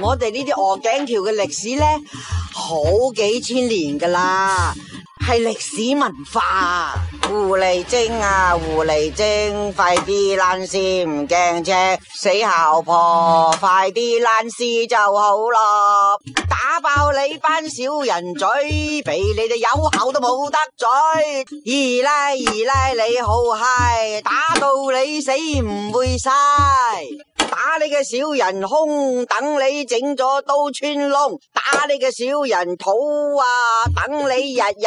我哋呢啲鵝頸橋嘅歷史咧，好幾千年噶啦。係歷史文化啊，狐狸精啊，狐狸精，快啲爛事唔驚啫，死姣婆，快啲爛事就好咯，打爆你班小人嘴，俾你哋有口都冇得嘴。二奶二奶你好嗨，打到你死唔會嘥，打你嘅小人胸，等你整咗刀穿窿，打你嘅小人肚啊，等你日日。